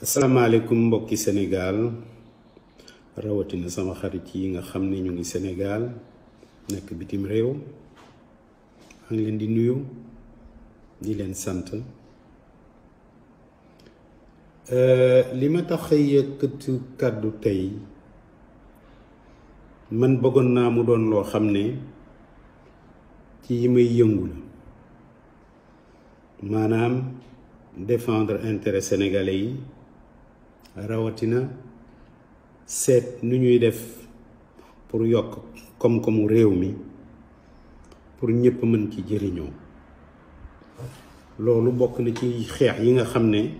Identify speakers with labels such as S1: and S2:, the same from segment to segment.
S1: alaikum mbokki Sénégal Je sama xarit yi nga ñu ngi Sénégal nek bitim réew maa leen di nuyu di leen sante. Euh tax kaddu man mu doon défendre intérêt sénégalais rawatina set nu def pour yokk comme depuis pour ñëpp mën ci jëriñoo loolu bokk na ci xeex yi nga xam ne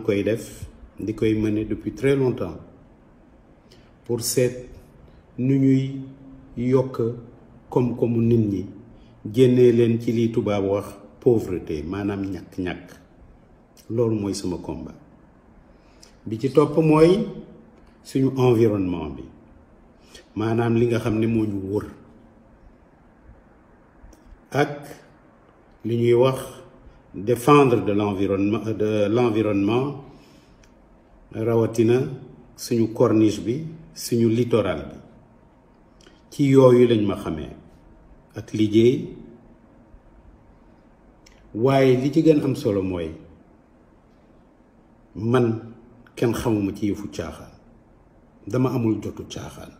S1: koy def depuis très longtemps pour set nu ñuy yokk nit ñi ci pauvreté maanaam ñàkk-ñàkk combat bi ci top moy suñu environnement bi li nga défendre de l'environnement de l'environnement rawatina suñu corniche bi suñu littoral bi ci lañ ma ak man kenn xamuma ci yëfu caaxaan dama amul jotu caaxaan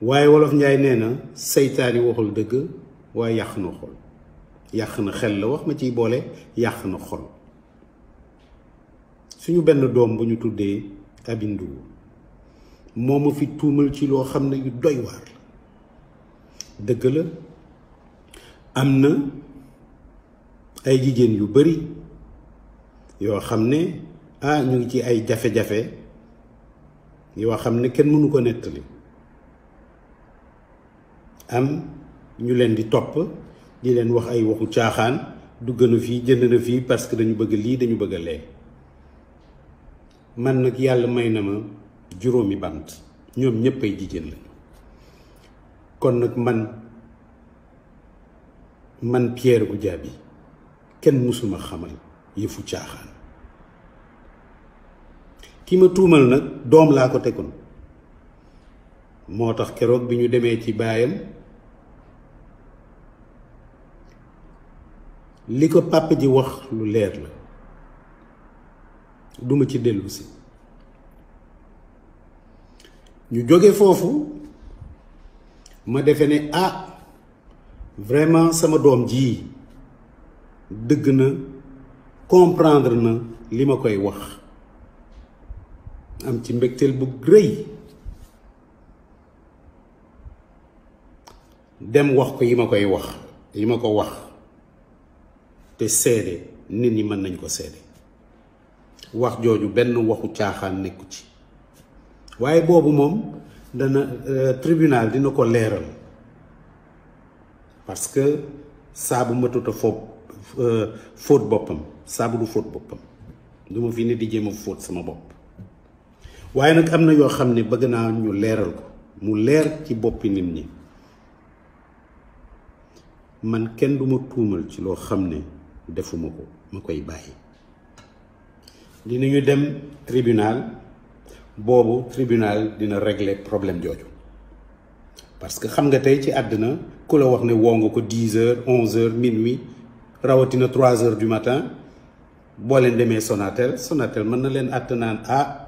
S1: waaye wolof njaay nee na seytaani waxul dëgg waaye yàq na xol yàq na xel la wax ma ciy boole yàq na xol suñu benn doom bu ñu tuddee abindu moo fi tuumal ci loo xam ne yu doy waar la dëgg la am na ay jigéen yu bari yoo xam ne ah ñu ngi ci ay jafe-jafe yoo xam ne kenn mënu ko nettali am ñu leen di topp di leen wax ay waxu caaxaan dugg na fii jënd na fii parce que dañu bëgg lii dañu bëgg a lee man nag yàlla may na ma juróomi bant ñoom ñëpp ay jigéen la kon nag man man Pierre bi kenn mësuma xamal yëfu caaxaan ki ma tuumal nag doom laa ko tegoon moo tax keroog bi ñu demee ci baayam li ko pàpp ji wax lu leer la duma ci dellu si ñu jóge foofu ma defe ne ah vraiment sama doom jii dëgg na comprendre na li ma koy wax am ci mbégteel bu qui dem wax ko yi koy wax yi ma ko wax te seede nit ñi mën nañ ko wax waxu ci je dana euh, tribunal dina ko leeral parce que saabu matut a foob euh, je boppam ma di waaye nag am na yoo xam ne bëgg naa ñu leeral ko mu leer ci boppi nit ñi man kenn duma tuumal ci loo xam ne defuma ko ma koy bàyyi dinañu dem tribunal boobu tribunal dina régle problème jooju parce que xam nga tey ci àddina ku la wax ne woo nga ko dix heures onze heures minuit rawatina trois heures du matin boo leen demee Sonatel sonateel mën na leen àtt naan ah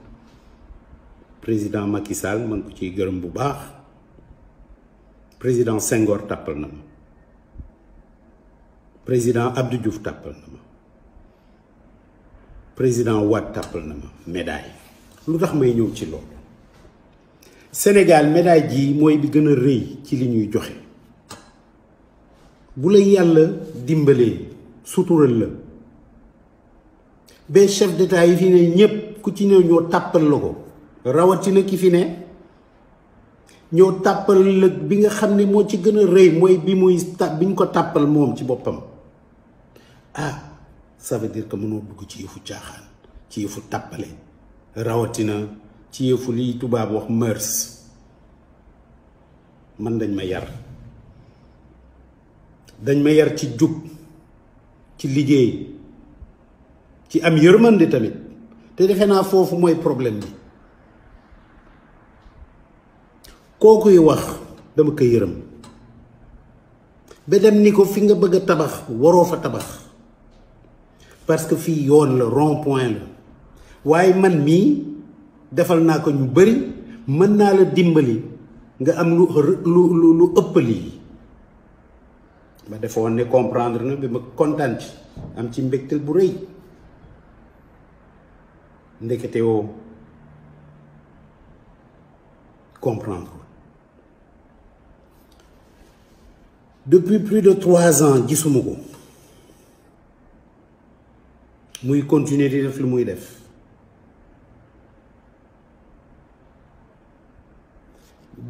S1: président Macky Sall ma ko ci gërëm bu baax président Senghor tàppal président Abdou Diouf tàppal président Wade tàppal na médaille lu tax may ñew ci lool Sénégal médaille ji moy bi gëna a ci li ñuy joxe bu lay yalla dimbalé sutural la chef d'état yi fi ku ci ñoo rawatina ki fi ne ñëw tàppal lëg bi nga xam ne moo ci gën a rëy mooy bi muy tàpp bi ñu ko tàppal moom ci boppam ah ça veut mënoo dugg ci yëfu caaxaan ci yëfu tàppale rawatina ci yëfu liy tubaab wax mœurs man dañ ma yar dañ ma yar ci jub ci liggéey ci am yërmande tamit te defe naa foofu mooy problème bi kookuy wax dama koy yërëm ba ni ko fi nga bëgg a tabax waroo fa tabax parce que fii yoon la rond point la waaye man mii defal naa ko ñu bari mën naa la dimbali nga am lu lu lu ëpp lii ma defoon ne comprendre na bi ma kontaan ci am ci mbégteel bu rëy ndekete woo comprendre depuis plus de trois ans gisuma ko muy continuer di def lu muy def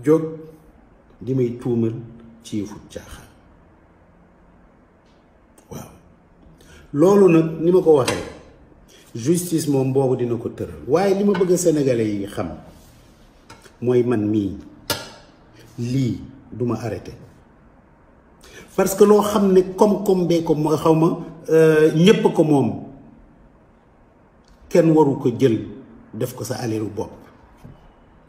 S1: jóg di may tuumal ci yëfu caaxaan waaw loolu nag ni ma ko waxe justice mom bobu dina ko teur waye lima ma bëgg sénégalais yi xam moy man mi li duma arrêter parce que loo xam ne koom-koom bee ko moo xaw ma euh, ñépp ko moom kenn waru ko jël def ko sa aleeru bopp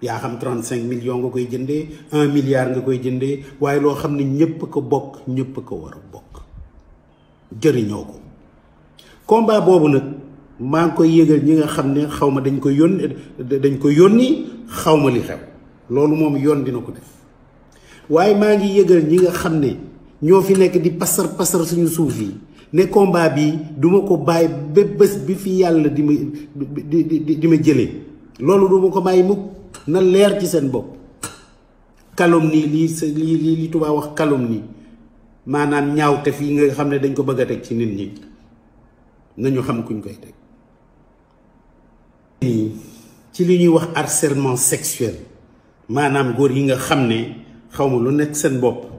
S1: yaa xam trent cinq millions nga koy jëndee 1 milliard nga koy jëndee waaye loo xam ne ñépp ko bokk ñépp ko war a bokk jëriñoo ko combat boobu nag maa ngi koy yëgal ñi nga xam ne xaw ma dañ ko yónni dañ ko yónni xaw ma li xew loolu moom yoon dina ko def waaye maa ngi yëgal ñi nga xam ne ñoo fi nekk di pasar pasar suñu suuf yi ne combat bi duma ko bàyyi ba bés bi fi yàlla di ma di di di ma jëlee loolu duma ko bàyyi mukk na leer ci seen bopp calomnie lii sa lii lii li tubaab wax calomnie maanaam tef yi nga xam ne dañ ko bëgg a teg ci nit ñi nañu xam kuñ koy teg ci li ñuy wax harcèlement sexuel maanaam góor yi nga xam ne xaw ma lu nekk seen bopp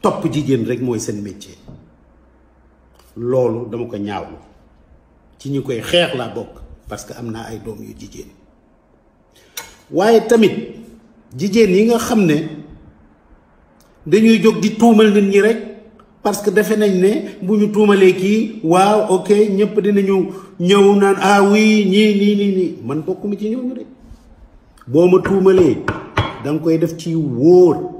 S1: topp jigéen rek mooy seen métier loolu dama ko ñaawlu ci ñu koy xeex laa bokk parce que am naa ay doom yu jigéen waaye tamit jigéen yi nga xam ne dañuy jóg di tuumal nit ñi rek parce que defe nañ ne bu ñu tuumalee kii waaw ok ñëpp dinañu ñëw naan ah oui ñii nii nii nii man bokkuma ci ñëw ñu rek boo ma tuumalee da koy def ci wóor.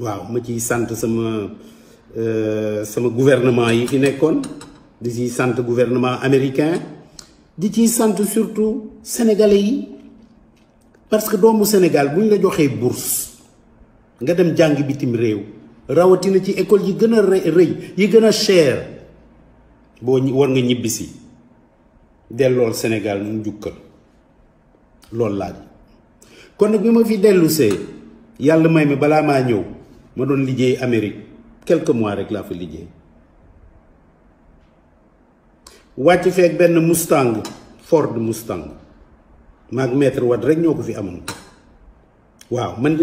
S1: waaw ma ciy sant sama euh, sama gouvernement yi fi nekkoon di ciy sant gouvernement américain di ciy sant surtout sénégalais yi parce que doomu Sénégal bu ñu la joxee bourse nga dem jàng bitim réew rawatina ci école yi gën a rëy yi gën a cher boo war nga ñibbisi dellool Sénégal mu njukkal loolu laaj kon bi ma fi dellusee yàlla may mi balaa maa ñëw ma doon liggéey Amérique quelques mois avec la fa liggéey wàcc Mustang Ford Mustang maag maître suis rek ñoo fi amoon waaw man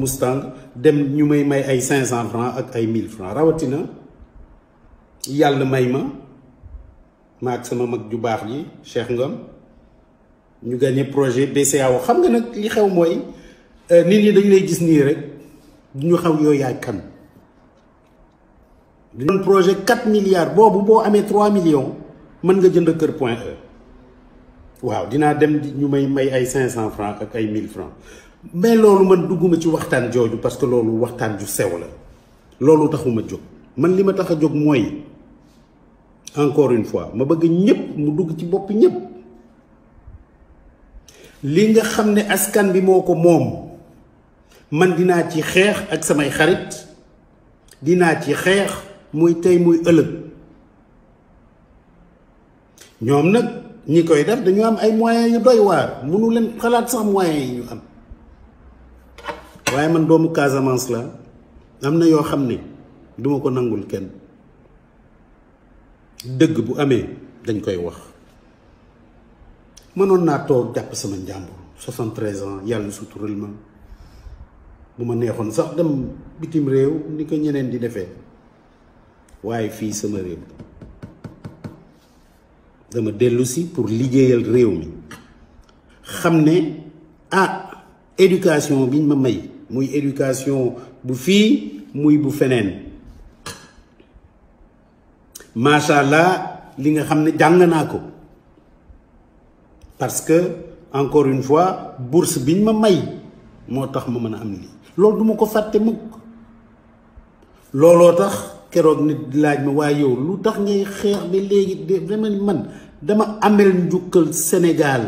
S1: Mustang dem ñu may ay francs ak ay 1000 francs rawatina ma sama mag ju baax Cheikh Ngom ñu gagné projet BCAO xam nga nag li xew euh, du ñu xaw yooyu yaay kan di projet 4 milliards boobu boo amee 3 millions mën nga jënd kër point E waaw dinaa dem ñu may may ay 500 francs ak ay 1000 francs mais loolu man dugguma ci waxtaan jooju parce que loolu waxtaan ju sew la loolu taxuma jóg man lima ma tax a jóg encore une fois ma bëgg ñëpp mu dugg ci bopp ñëpp li nga xam ne askan bi moo ko man dinaa ci xeex ak samay xarit dinaa ci xeex muy tey muy ëllëg ñoom nag ñi koy def dañu am ay moyens yu doy waar mënu leen xalaat sax moyens yi ñu am waaye man doomu Casamance la am na yoo xam ne duma ko nangul kenn dëgg bu amee dañ koy wax mënoon naa toog jàpp sama njàmbur 73 ans yàlla sutural ma buma ma neexoon sax dem bitim réew ni ko ñeneen di defee waaye fii sama réew dama dellu si pour liggéeyal réew mi xam ne ah éducation biñ ma may muy éducation bu fii muy bu feneen macha allah li nga xam ne jàng naa ko parce que encore une fois bourse biñ ma may moo tax ma mën a am lii lolou duma ko fatte mukk lolou tax keroog nit di laaj ma way yow lu tax ngay xeex bi léegi dama man dama amel njukkal Sénégal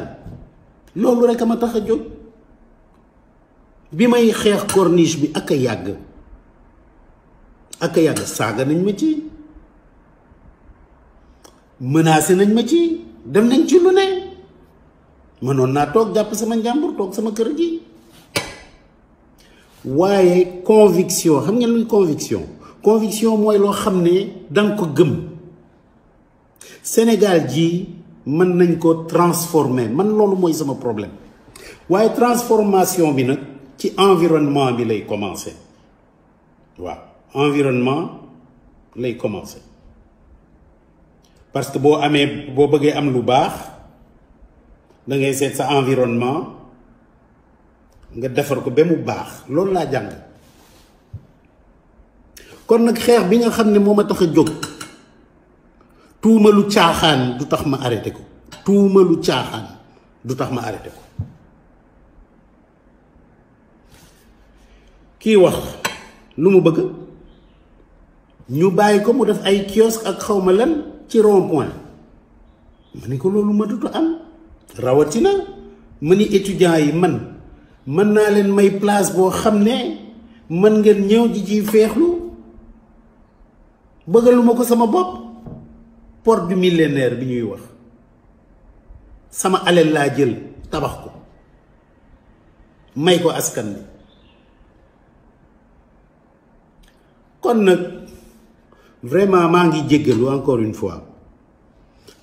S1: lolou rek ma tax a jóg bi may xeex corniche bi ak yagg ak yagg saga nañ ma ci menacer nañ ma ci dem nañ ci lu ne manon na tok japp sama njàmbur tok sama kër gi waaye conviction xam conviction conviction mooy loo xam ne ko gëm Sénégal ji mën nañ ko transformer man sama problème transformation bi nag ci environnement bi lay commencer waaw environnement lay parce que boo amee boo bëggee am lu da ngay environnement nga defar ko ba mu baax loolu laa jàng kon nag xeex bi nga xam ne moo ma tax a jóg tuumalu caaxaan du tax ma arrêté ko tuumalu caaxaan du tax ma arrêté ko kii wax lu mu bëgg ñu bàyyi ko mu def ay kiosque ak xawma lan ci rond point ma ni ko loolu ma dutu am rawatina ma ni étudiant yi man mën naa leen may place boo xam ne mën ngeen ñëw ji ji feexlu bëggaluma ko sama bopp porte du millénaire bi ñuy wax sama alal laa jël tabax ko may ko askan bi kon nag vraiment maa ngi jéggalu encore une fois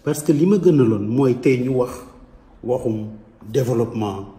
S1: parce que li ma gënaloon mooy tey ñu wax waxum développement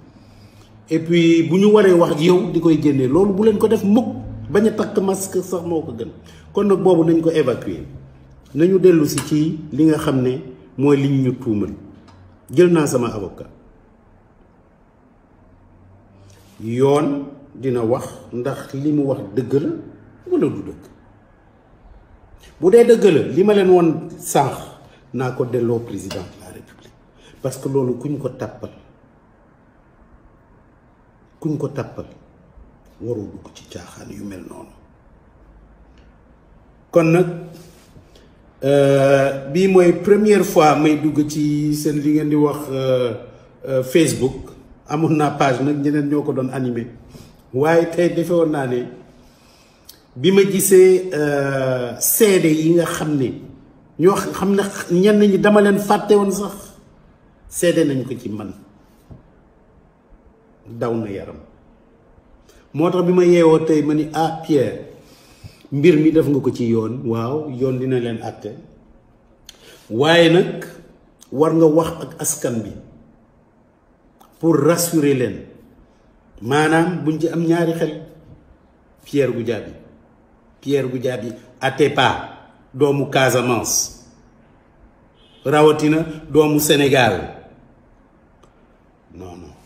S1: et puis bu ñu waree wax yow di koy génnee loolu bu leen ko def mukk bañ a takk masque sax moo ko gën kon nag boobu nañ ko évacuer nañu dellusi ci li nga xam ne mooy liñ ñu tuumal jël naa sama avocat yoon dina wax ndax li mu wax dëgg la wala du dëgg bu dee dëgg la li ma leen woon sànq naa ko delloo président de la république parce que loolu kuñ ko tàppal kuñ ko tàppal waroo dugg ci caaxaan yu mel noonu kon nag euh, bii mooy première fois may dugg ci seen li ngeen di wax euh, euh, Facebook amoon naa page nag ñeneen ñoo ko doon animé waaye tey defe woon naa ne bi ma gisee seede yi nga xam ne ñoo xam ne ñenn ñi dama leen fàtte woon sax seede nañ ko ci man daw na yaram motax bima yewo tay mani ah pierre mbir mi def nga ko ci yoon waaw yoon dina len atté waye nak war nga wax ak askan bi pour rassurer len manam buñ ci am ñaari xel pierre gu pierre gu atté atepa doomu casamance rawatina doomu senegal non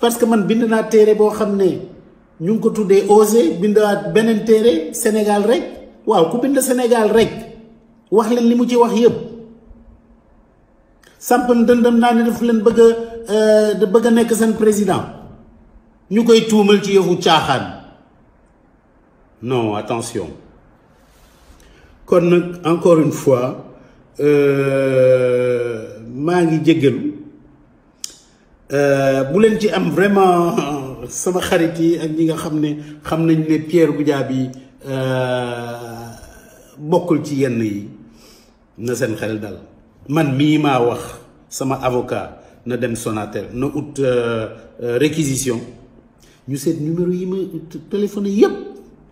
S1: parce que man bind naa téere boo xam ñu ko osé bindaat beneen téere Sénégal rek waaw ku bind Sénégal rek wax leen li ci wax yëpp samp leen bëgg euh, bëgg président ñu koy ci yëfu non attention encore une fois euh, maa ngi euh, bu leen ci am vraiment sama xarit yi ak ñi nga xamné ne xam nañ ne Pierre euh bokul ci yenn yi na seen xel dal man mi ma wax sama avocat na dem Sonatel na ut euh, euh, réquisition ñu seet numéro yi ma téléphoné yépp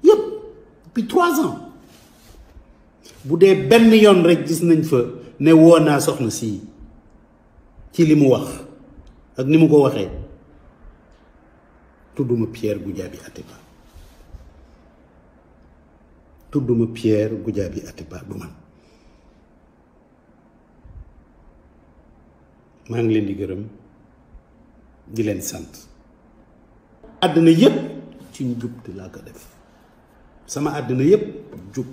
S1: yépp depuis 3 ans bu dé ben yoon rek gis nañ fa né wona soxna si ci limu wax ak ni mu ko waxe tuduma Pierre Goudiaby Atepa tuduma Pierre bi Atepa du man ma ngi len di gërëm di len sante aduna yeb ci la ko def sama aduna yeb jup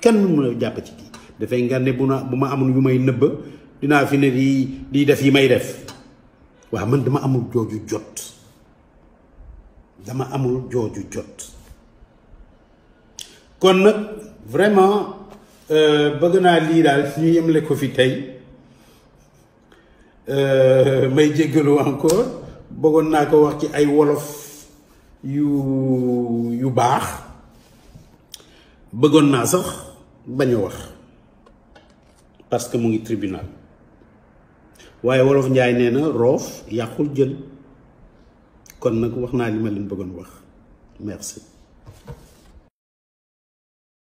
S1: kenn mu la japp ci ki dafay nga ne bu bu ma yu may fi ne di di def yi may def waaw man dama amul jooju jot dama amul jooju jot kon nag vraiment euh, bëgg naa lii daal ñu ko fi euh, encore bëggoon naa wax ci ay wolof yu yu baax sax parce que mon tribunal waaye wolof njaay nee na roof yàqul jël kon nag wax naa li ma leen bëggoon wax merci